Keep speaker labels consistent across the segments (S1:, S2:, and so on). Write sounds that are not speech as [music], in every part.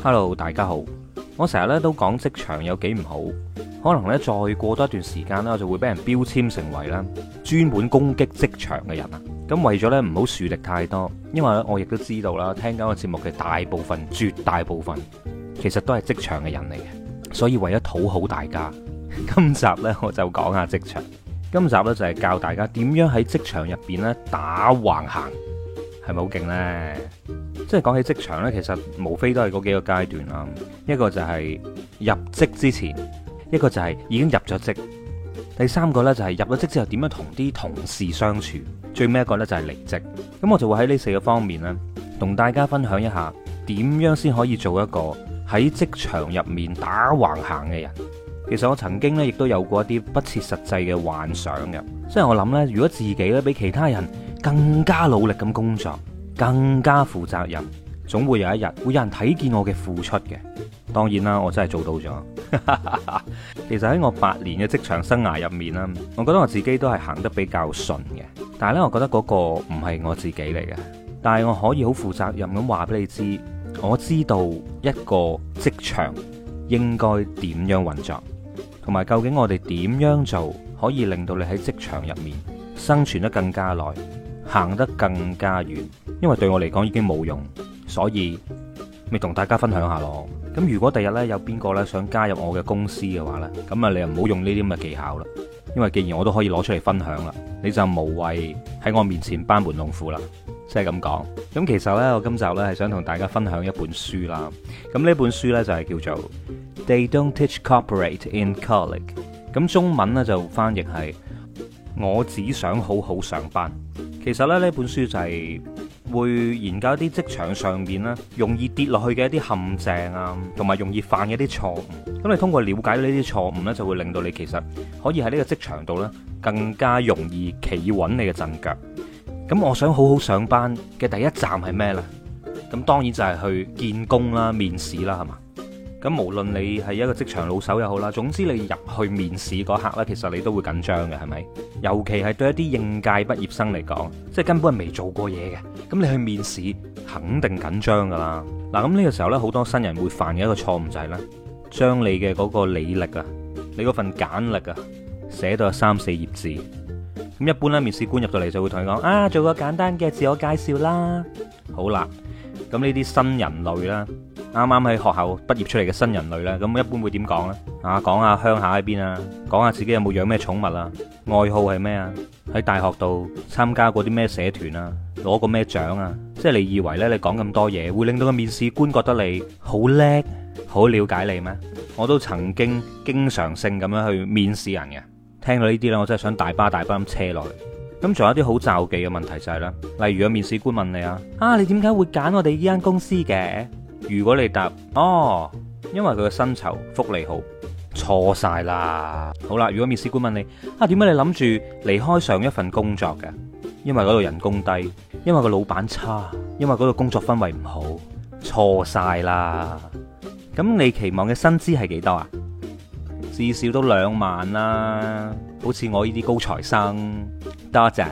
S1: hello，大家好。我成日咧都講職場有幾唔好，可能咧再過多一段時間啦，就會俾人標籤成為啦專門攻擊職場嘅人啊。咁為咗咧唔好樹敵太多，因為咧我亦都知道啦，聽緊我節目嘅大部分、絕大部分其實都係職場嘅人嚟嘅，所以為咗討好大家，今集咧我就講下職場。今集咧就係教大家點樣喺職場入邊咧打橫行，係咪好勁呢？即係講起職場呢，其實無非都係嗰幾個階段啦。一個就係入職之前，一個就係已經入咗職，第三個呢，就係入咗職之後點樣同啲同事相處，最尾一個呢，就係離職。咁我就會喺呢四個方面呢，同大家分享一下點樣先可以做一個喺職場入面打橫行嘅人。其實我曾經呢，亦都有過一啲不切實際嘅幻想嘅，即係我諗呢，如果自己呢，比其他人更加努力咁工作。更加負責任，總會有一日會有人睇見我嘅付出嘅。當然啦，我真係做到咗。 [laughs] 其實喺我八年嘅職場生涯入面啦，我覺得我自己都係行得比較順嘅。但係咧，我覺得嗰個唔係我自己嚟嘅。但係我可以好負責任咁話俾你知，我知道一個職場應該點樣運作，同埋究竟我哋點樣做可以令到你喺職場入面生存得更加耐，行得更加遠，因為對我嚟講已經冇用，所以咪同大家分享下咯。咁如果第日呢，有邊個呢想加入我嘅公司嘅話呢，咁啊你又唔好用呢啲咁嘅技巧啦，因為既然我都可以攞出嚟分享啦，你就無謂喺我面前班門弄斧啦，即係咁講。咁其實呢，我今集呢係想同大家分享一本書啦。咁呢本書呢，就係叫做《They Don't Teach Corporate in College》，咁中文呢，就翻譯係我只想好好上班。其實咧，呢本書就係會研究一啲職場上面咧，容易跌落去嘅一啲陷阱啊，同埋容易犯嘅一啲錯誤。咁你通過了解呢啲錯誤呢，就會令到你其實可以喺呢個職場度呢更加容易企穩你嘅陣腳。咁我想好好上班嘅第一站係咩呢？咁當然就係去見工啦、面試啦，係嘛。咁無論你係一個職場老手又好啦，總之你入去面試嗰刻呢，其實你都會緊張嘅，係咪？尤其係對一啲應屆畢業生嚟講，即係根本係未做過嘢嘅，咁你去面試肯定緊張噶啦。嗱，咁呢個時候呢，好多新人會犯嘅一個錯誤就係咧，將你嘅嗰個履歷啊，你嗰份簡歷啊，寫到有三四頁字。咁一般呢，面試官入到嚟就會同你講：啊，做個簡單嘅自我介紹啦。好啦，咁呢啲新人類啦。啱啱喺學校畢業出嚟嘅新人類啦，咁一般會點講呢？啊，講下鄉下喺邊啊，講下自己有冇養咩寵物啊，愛好係咩啊？喺大學度參加過啲咩社團啊，攞過咩獎啊？即係你以為呢，你講咁多嘢會令到個面試官覺得你好叻，好了解你咩？我都曾經經常性咁樣去面試人嘅，聽到呢啲呢，我真係想大巴大巴咁車落去。咁仲有啲好就忌嘅問題就係、是、咧，例如有面試官問你啊，啊你點解會揀我哋呢間公司嘅？如果你答，哦，因為佢嘅薪酬福利好，錯晒啦。好啦，如果面試官問你啊，點解你諗住離開上一份工作㗎？因為嗰度人工低，因為個老闆差，因為嗰度工作氛圍唔好，錯晒啦。咁你期望嘅薪資係幾多啊？至少都兩萬啦，好似我呢啲高材生。多謝。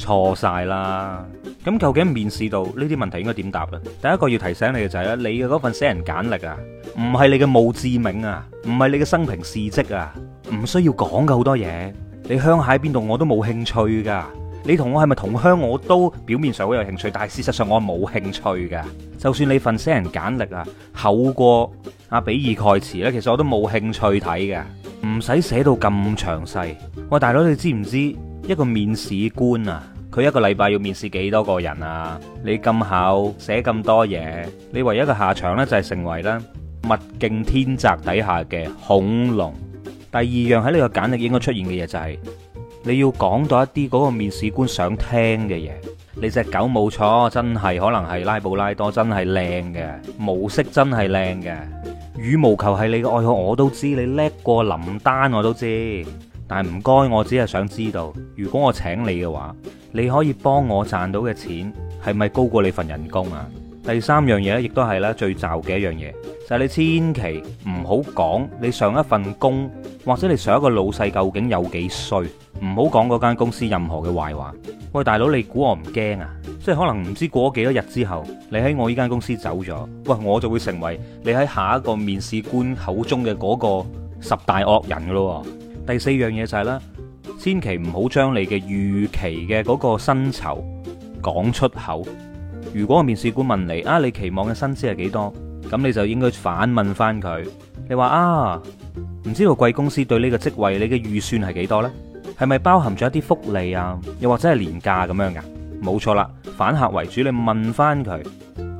S1: 錯晒啦！咁究竟面試到呢啲問題應該點答呢？第一個要提醒你嘅就係咧，你嘅嗰份寫人簡歷啊，唔係你嘅墓誌銘啊，唔係你嘅生平事迹啊，唔需要講嘅好多嘢。你鄉下喺邊度我都冇興趣噶。你同我係咪同鄉，我都表面上好有興趣，但係事實上我冇興趣噶。就算你份寫人簡歷啊厚過阿比爾蓋茨呢，其實我都冇興趣睇嘅。唔使寫到咁詳細。喂，大佬你知唔知？一個面試官啊，佢一個禮拜要面試幾多個人啊？你咁巧寫咁多嘢，你唯一嘅下場呢，就係成為啦物競天擇底下嘅恐龍。第二樣喺呢個簡歷應該出現嘅嘢就係、是，你要講到一啲嗰個面試官想聽嘅嘢。你隻狗冇錯，真係可能係拉布拉多，真係靚嘅，毛色，真係靚嘅，羽毛球係你嘅愛好，我都知你叻過林丹，我都知。但係唔該，我只係想知道，如果我請你嘅話，你可以幫我賺到嘅錢係咪高過你份人工啊？第三樣嘢咧，亦都係咧最罩嘅一樣嘢，就係你千祈唔好講你上一份工或者你上一個老細究竟有幾衰，唔好講嗰間公司任何嘅壞話。喂，大佬，你估我唔驚啊？即係可能唔知過咗幾多日之後，你喺我依間公司走咗，喂，我就會成為你喺下一個面試官口中嘅嗰個十大惡人噶咯。第四樣嘢就係啦，千祈唔好將你嘅預期嘅嗰個薪酬講出口。如果面試官問你啊，你期望嘅薪資係幾多？咁你就應該反問翻佢，你話啊，唔知道貴公司對呢個職位你嘅預算係幾多呢？係咪包含咗一啲福利啊？又或者係年假咁樣噶？冇錯啦，反客為主，你問翻佢。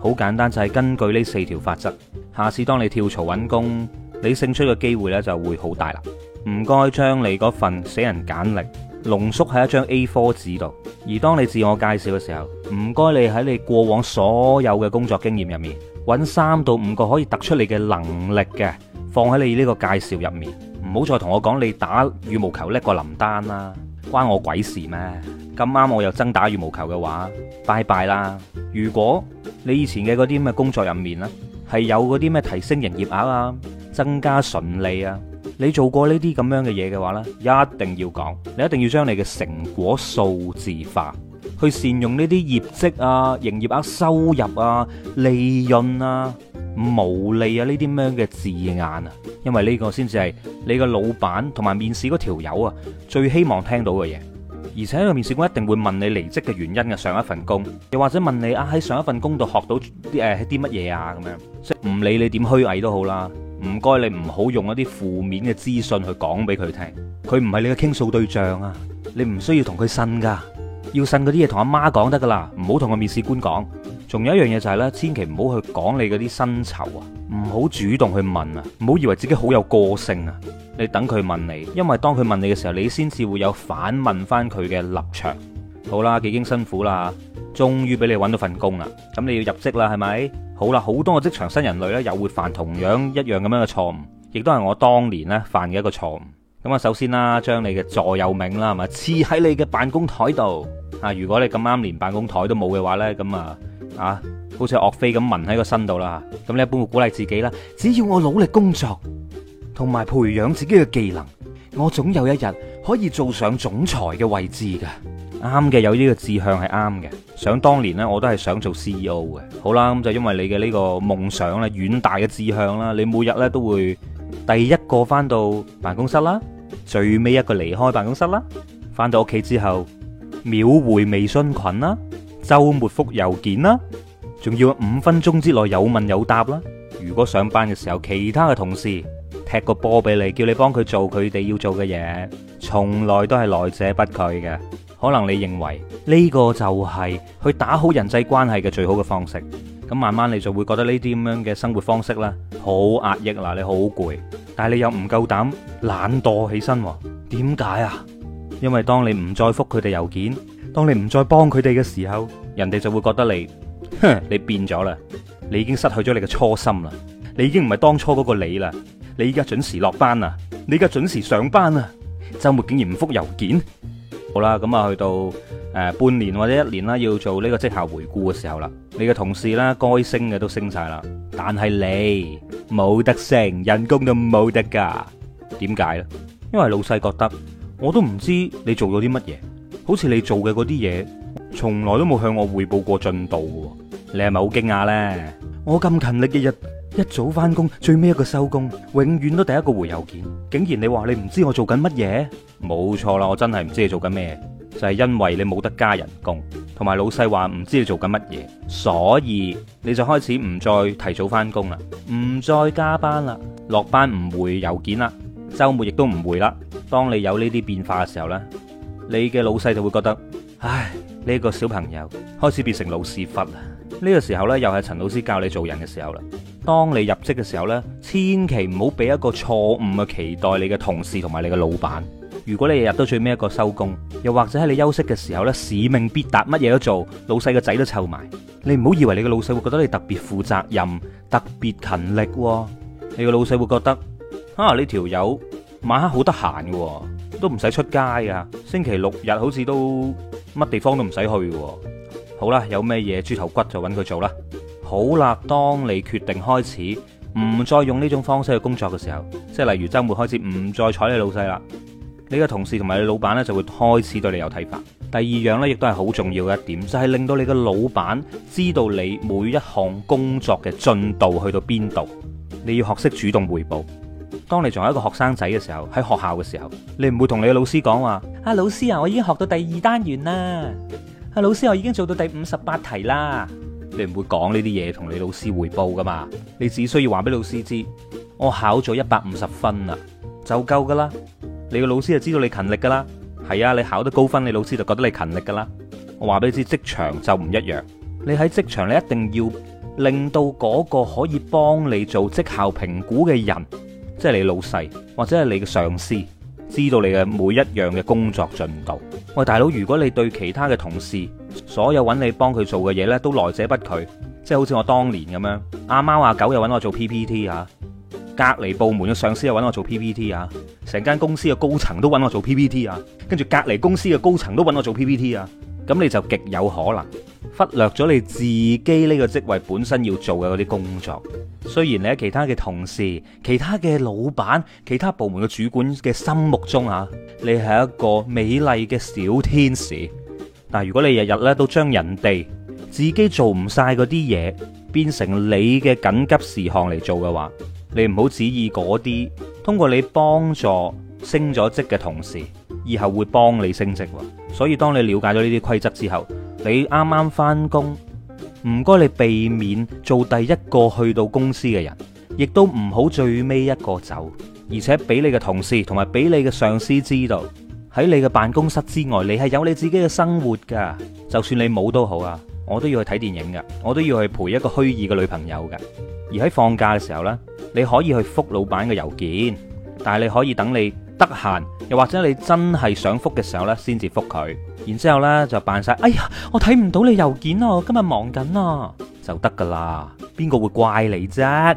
S1: 好簡單，就係根據呢四條法則。下次當你跳槽揾工，你勝出嘅機會呢就會好大啦。唔該，將你嗰份死人簡歷濃縮喺一張 A4 紙度。而當你自我介紹嘅時候，唔該你喺你過往所有嘅工作經驗入面，揾三到五個可以突出你嘅能力嘅，放喺你呢個介紹入面。唔好再同我講你打羽毛球叻過林丹啦，關我鬼事咩？咁啱我又憎打羽毛球嘅話，拜拜啦。如果你以前嘅嗰啲咁嘅工作入面咧，係有嗰啲咩提升營業額啊，增加純利啊。你做過呢啲咁樣嘅嘢嘅話咧，一定要講，你一定要將你嘅成果數字化，去善用呢啲業績啊、營業額、收入啊、利潤啊、毛利啊呢啲咁樣嘅字眼啊，因為呢個先至係你個老闆同埋面試嗰條友啊最希望聽到嘅嘢。而且呢個面試官一定會問你離職嘅原因嘅上一份工，又或者問你啊喺上一份工度學到啲誒啲乜嘢啊咁樣，即係唔理你點虛偽都好啦。唔該，你唔好用一啲負面嘅資訊去講俾佢聽，佢唔係你嘅傾訴對象啊，你唔需要同佢呻噶，要呻嗰啲嘢同阿媽講得噶啦，唔好同個面試官講。仲有一樣嘢就係咧，千祈唔好去講你嗰啲薪酬啊，唔好主動去問啊，唔好以為自己好有個性啊，你等佢問你，因為當佢問你嘅時候，你先至會有反問翻佢嘅立場好啊。好啦，幾經辛苦啦，終於俾你揾到份工啦，咁你要入職啦，係咪？好啦，好多個職場新人類咧，又會犯同樣一樣咁樣嘅錯誤，亦都係我當年咧犯嘅一個錯誤。咁啊，首先啦，將你嘅座右銘啦，係嘛，刺喺你嘅辦公台度啊。如果你咁啱連辦公台都冇嘅話呢，咁啊啊，好似岳飛咁紋喺個身度啦。咁你一般會鼓勵自己啦，只要我努力工作，同埋培養自己嘅技能，我總有一日可以做上總裁嘅位置㗎。啱嘅，有呢個志向係啱嘅。想當年呢，我都係想做 CEO 嘅。好啦，咁就因為你嘅呢個夢想啦，遠大嘅志向啦，你每日呢都會第一個翻到辦公室啦，最尾一個離開辦公室啦。翻到屋企之後，秒回微信群啦，周末復郵件啦，仲要五分鐘之內有問有答啦。如果上班嘅時候，其他嘅同事踢個波俾你，叫你幫佢做佢哋要做嘅嘢，從來都係來者不拒嘅。可能你認為呢個就係去打好人際關係嘅最好嘅方式，咁慢慢你就會覺得呢啲咁樣嘅生活方式啦，好壓抑啦，你好攰，但係你又唔夠膽懶惰起身，點解啊？因為當你唔再復佢哋郵件，當你唔再幫佢哋嘅時候，人哋就會覺得你，哼，你變咗啦，你已經失去咗你嘅初心啦，你已經唔係當初嗰個你啦，你依家準時落班啊，你依家準時上班啊，周末竟然唔復郵件。好啦，咁啊，去到誒半年或者一年啦，要做呢個績效回顧嘅時候啦，你嘅同事啦該升嘅都升曬啦，但係你冇得升，人工就冇得噶。點解咧？因為老細覺得我都唔知你做咗啲乜嘢，好似你做嘅嗰啲嘢，從來都冇向我匯報過進度嘅。你係咪好驚訝咧？我咁勤力，日日。一早翻工，最尾一個收工，永遠都第一個回郵件。竟然你話你唔知我做緊乜嘢？冇錯啦，我真係唔知你做緊咩，就係因為你冇得加人工，同埋老細話唔知你做緊乜嘢，所以你就開始唔再提早翻工啦，唔再加班啦，落班唔回郵件啦，周末亦都唔回啦。當你有呢啲變化嘅時候呢，你嘅老細就會覺得唉，呢個小朋友開始變成老屎忽啦。呢個時候呢，又係陳老師教你做人嘅時候啦。當你入職嘅時候咧，千祈唔好俾一個錯誤嘅期待你嘅同事同埋你嘅老闆。如果你日日都最尾一個收工，又或者喺你休息嘅時候咧，使命必達，乜嘢都做，老細個仔都湊埋，你唔好以為你個老細會覺得你特別負責任、特別勤力。你個老細會覺得，啊呢條友晚黑好得閒嘅，都唔使出街啊，星期六日好似都乜地方都唔使去。好啦，有咩嘢豬頭骨就搵佢做啦。好啦，當你決定開始唔再用呢種方式去工作嘅時候，即係例如周末開始唔再睬你老細啦，你嘅同事同埋你老闆呢就會開始對你有睇法。第二樣呢，亦都係好重要嘅一點，就係令到你嘅老闆知道你每一項工作嘅進度去到邊度。你要學識主動匯報。當你仲有一個學生仔嘅時候，喺學校嘅時候，你唔會同你嘅老師講話：阿老師啊，我已經學到第二單元啦，阿老師，我已經做到第五十八題啦。你唔會講呢啲嘢同你老師匯報噶嘛？你只需要話俾老師知，我考咗一百五十分啦，就夠噶啦。你個老師就知道你勤力噶啦。係啊，你考得高分，你老師就覺得你勤力噶啦。我話俾你知，職場就唔一樣。你喺職場，你一定要令到嗰個可以幫你做績效評估嘅人，即係你老細或者係你嘅上司。知道你嘅每一樣嘅工作進度。喂，大佬，如果你對其他嘅同事，所有揾你幫佢做嘅嘢呢，都來者不拒，即係好似我當年咁樣，阿貓阿狗又揾我做 PPT 啊，隔籬部門嘅上司又揾我做 PPT 啊，成間公司嘅高層都揾我做 PPT 啊，跟住隔籬公司嘅高層都揾我做 PPT 啊，咁你就極有可能。忽略咗你自己呢個職位本身要做嘅嗰啲工作，雖然你喺其他嘅同事、其他嘅老闆、其他部門嘅主管嘅心目中啊，你係一個美麗嘅小天使。但如果你日日咧都將人哋自己做唔晒嗰啲嘢變成你嘅緊急事項嚟做嘅話，你唔好旨意嗰啲通過你幫助升咗職嘅同事以後會幫你升職。所以當你了解咗呢啲規則之後。你啱啱返工，唔該你避免做第一個去到公司嘅人，亦都唔好最尾一個走，而且俾你嘅同事同埋俾你嘅上司知道，喺你嘅辦公室之外，你係有你自己嘅生活噶，就算你冇都好啊，我都要去睇電影噶，我都要去陪一個虛擬嘅女朋友噶，而喺放假嘅時候呢，你可以去覆老闆嘅郵件，但係你可以等你，得閒，又或者你真係想覆嘅時候呢，先至覆佢，然之後呢就扮晒，哎呀，我睇唔到你郵件啊。哦，我今日忙緊啊。哦，就得噶啦，邊個會怪你啫？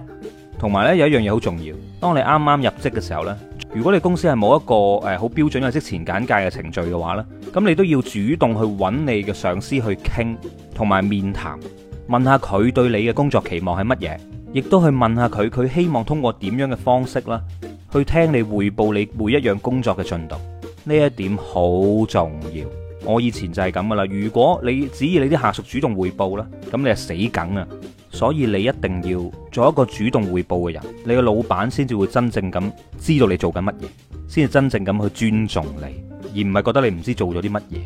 S1: 同埋呢，有一樣嘢好重要，當你啱啱入職嘅時候呢，如果你公司係冇一個誒好標準嘅職前簡介嘅程序嘅話呢，咁你都要主動去揾你嘅上司去傾，同埋面談，問下佢對你嘅工作期望係乜嘢。亦都去問下佢，佢希望通過點樣嘅方式啦，去聽你匯報你每一樣工作嘅進度。呢一點好重要。我以前就係咁噶啦。如果你指意你啲下屬主動匯報啦，咁你係死梗啊。所以你一定要做一個主動匯報嘅人，你嘅老闆先至會真正咁知道你做緊乜嘢，先至真正咁去尊重你，而唔係覺得你唔知做咗啲乜嘢。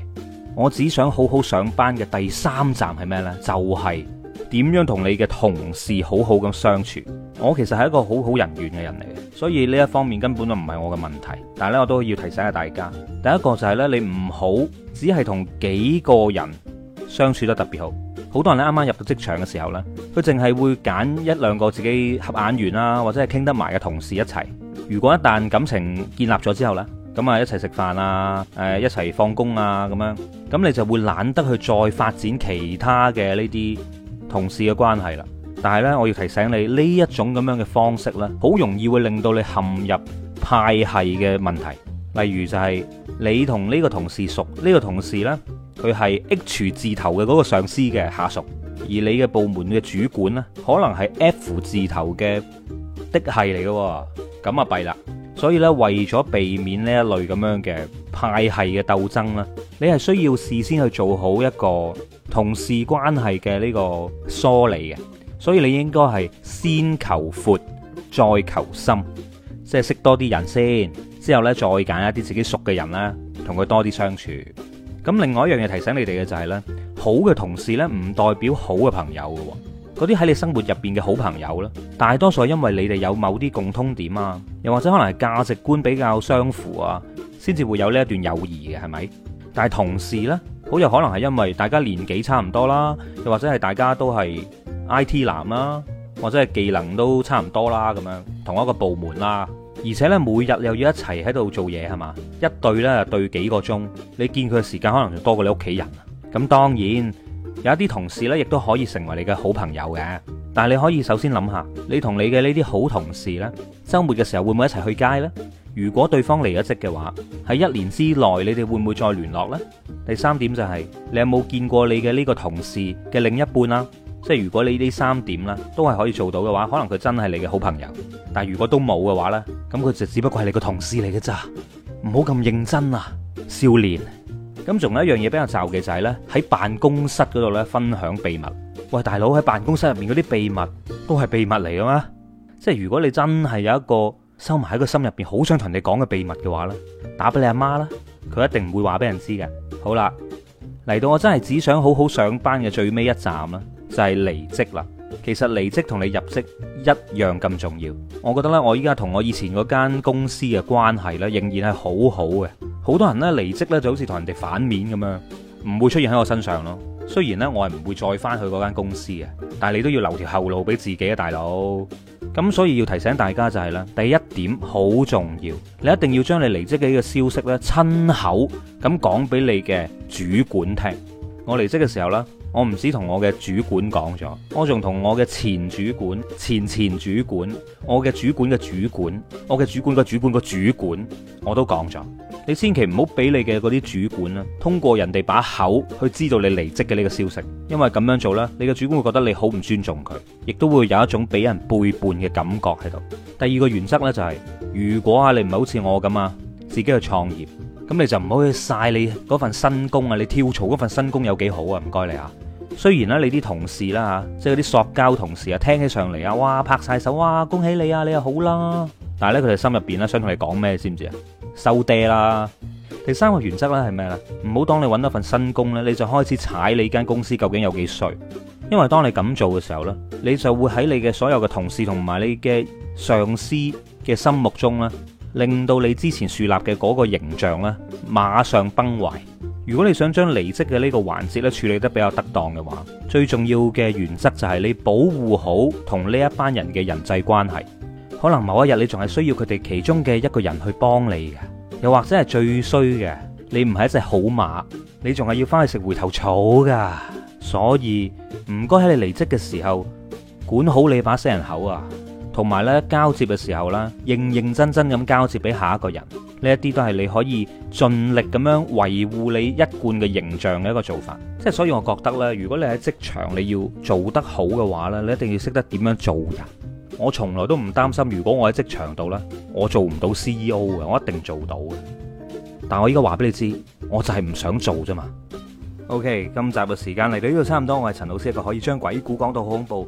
S1: 我只想好好上班嘅第三站係咩咧？就係、是。點樣同你嘅同事好好咁相處？我其實係一個好好人緣嘅人嚟嘅，所以呢一方面根本都唔係我嘅問題。但係咧，我都要提醒下大家，第一個就係呢，你唔好只係同幾個人相處得特別好。好多人呢啱啱入到職場嘅時候呢，佢淨係會揀一兩個自己合眼緣啊，或者係傾得埋嘅同事一齊。如果一旦感情建立咗之後呢，咁啊一齊食飯啊，誒、呃、一齊放工啊咁樣，咁你就會懶得去再發展其他嘅呢啲同事嘅關係啦，但係呢，我要提醒你呢一種咁樣嘅方式呢，好容易會令到你陷入派系嘅問題。例如就係、是、你同呢個同事熟，呢、這個同事呢，佢係 H 字頭嘅嗰個上司嘅下屬，而你嘅部門嘅主管呢，可能係 F 字頭嘅嫡系嚟嘅，咁啊弊啦。所以呢，為咗避免呢一類咁樣嘅派系嘅鬥爭啦，你係需要事先去做好一個。同事關係嘅呢個梳理嘅，所以你應該係先求闊，再求深，即係識多啲人先，之後呢，再揀一啲自己熟嘅人啦，同佢多啲相處。咁另外一樣嘢提醒你哋嘅就係呢：好嘅同事呢，唔代表好嘅朋友嘅喎，嗰啲喺你生活入邊嘅好朋友呢，大多數係因為你哋有某啲共通點啊，又或者可能係價值觀比較相符啊，先至會有呢一段友誼嘅，係咪？但係同事呢。好有可能係因為大家年紀差唔多啦，又或者係大家都係 IT 男啦，或者係技能都差唔多啦咁樣，同一個部門啦，而且呢，每日又要一齊喺度做嘢係嘛，一對呢，對幾個鐘，你見佢嘅時間可能就多過你屋企人。咁當然有一啲同事呢，亦都可以成為你嘅好朋友嘅。但係你可以首先諗下，你同你嘅呢啲好同事呢，週末嘅時候會唔會一齊去街呢？如果對方離咗職嘅話，喺一年之內你哋會唔會再聯絡呢？第三點就係、是、你有冇見過你嘅呢個同事嘅另一半啦？即係如果你呢三點啦都係可以做到嘅話，可能佢真係你嘅好朋友。但如果都冇嘅話呢，咁佢就只不過係你個同事嚟嘅咋，唔好咁認真啊，少年。咁、嗯、仲有一樣嘢比較詐嘅就係、是、呢：喺辦公室嗰度咧分享秘密。喂，大佬，喺辦公室入面嗰啲秘密都係秘密嚟嘅咩？即係如果你真係有一個。收埋喺個心入邊，好想同你講嘅秘密嘅話呢，打俾你阿媽啦，佢一定唔會話俾人知嘅。好啦，嚟到我真係只想好好上班嘅最尾一站啦，就係離職啦。其實離職同你入職一樣咁重要。我覺得呢，我依家同我以前嗰間公司嘅關係呢，仍然係好好嘅。好多人呢，離職呢就好似同人哋反面咁樣，唔會出現喺我身上咯。雖然呢，我係唔會再翻去嗰間公司嘅，但係你都要留條後路俾自己啊，大佬。咁所以要提醒大家就係啦。第一點好重要，你一定要將你離職嘅呢個消息咧親口咁講俾你嘅主管聽。我離職嘅時候咧，我唔止同我嘅主管講咗，我仲同我嘅前主管、前前主管、我嘅主管嘅主管、我嘅主管嘅主管個主管，我都講咗。你千祈唔好俾你嘅嗰啲主管啊，通過人哋把口去知道你離職嘅呢個消息，因為咁樣做咧，你嘅主管會覺得你好唔尊重佢，亦都會有一種俾人背叛嘅感覺喺度。第二個原則咧就係，如果啊你唔係好似我咁啊，自己去創業，咁你就唔好去晒你嗰份新工啊，你跳槽嗰份新工有幾好啊？唔該你啊！雖然咧，你啲同事啦吓，即係嗰啲塑膠同事啊，聽起上嚟，啊，哇，拍晒手啊，恭喜你啊，你又好啦。但係咧，佢哋心入邊咧想同你講咩，知唔知啊？收爹啦！第三個原則咧係咩咧？唔好當你揾到份新工咧，你就開始踩你間公司究竟有幾衰。因為當你咁做嘅時候咧，你就會喺你嘅所有嘅同事同埋你嘅上司嘅心目中咧，令到你之前樹立嘅嗰個形象咧，馬上崩壞。如果你想將離職嘅呢個環節咧，處理得比較得當嘅話，最重要嘅原則就係你保護好同呢一班人嘅人際關係。可能某一日你仲係需要佢哋其中嘅一個人去幫你嘅，又或者係最衰嘅，你唔係一隻好馬，你仲係要翻去食回頭草噶。所以唔該喺你離職嘅時候，管好你把死人口啊！同埋咧，交接嘅時候啦，認認真真咁交接俾下一個人，呢一啲都係你可以盡力咁樣維護你一貫嘅形象嘅一個做法。即係所以，我覺得咧，如果你喺職場你要做得好嘅話咧，你一定要識得點樣做人。我從來都唔擔心，如果我喺職場度咧，我做唔到 CEO 嘅，我一定做到嘅。但我依家話俾你知，我就係唔想做啫嘛。OK，今集嘅時間嚟到呢度差唔多，我係陳老師，一個可以將鬼故講到好恐怖。